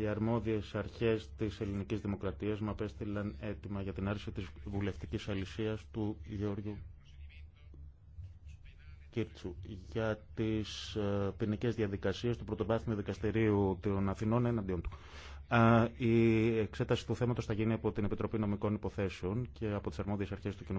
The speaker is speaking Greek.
Οι αρμόδιες αρχές της ελληνικής δημοκρατίας μου απέστειλαν έτοιμα για την άρση της βουλευτικής αλυσίας του Γιώργου Κίρτσου για τις ε, ποινικές διαδικασίες του πρωτοβάθμιου δικαστηρίου των Αθηνών εναντίον του. Η εξέταση του θέματος θα γίνει από την Επιτροπή Νομικών Υποθέσεων και από τις αρμόδιες αρχές του